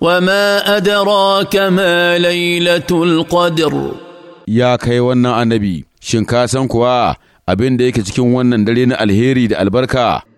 وما أدراك ما ليلة القدر يا كي النبي شنكاسن كوا أبين ديك تكون دلين الهيري دي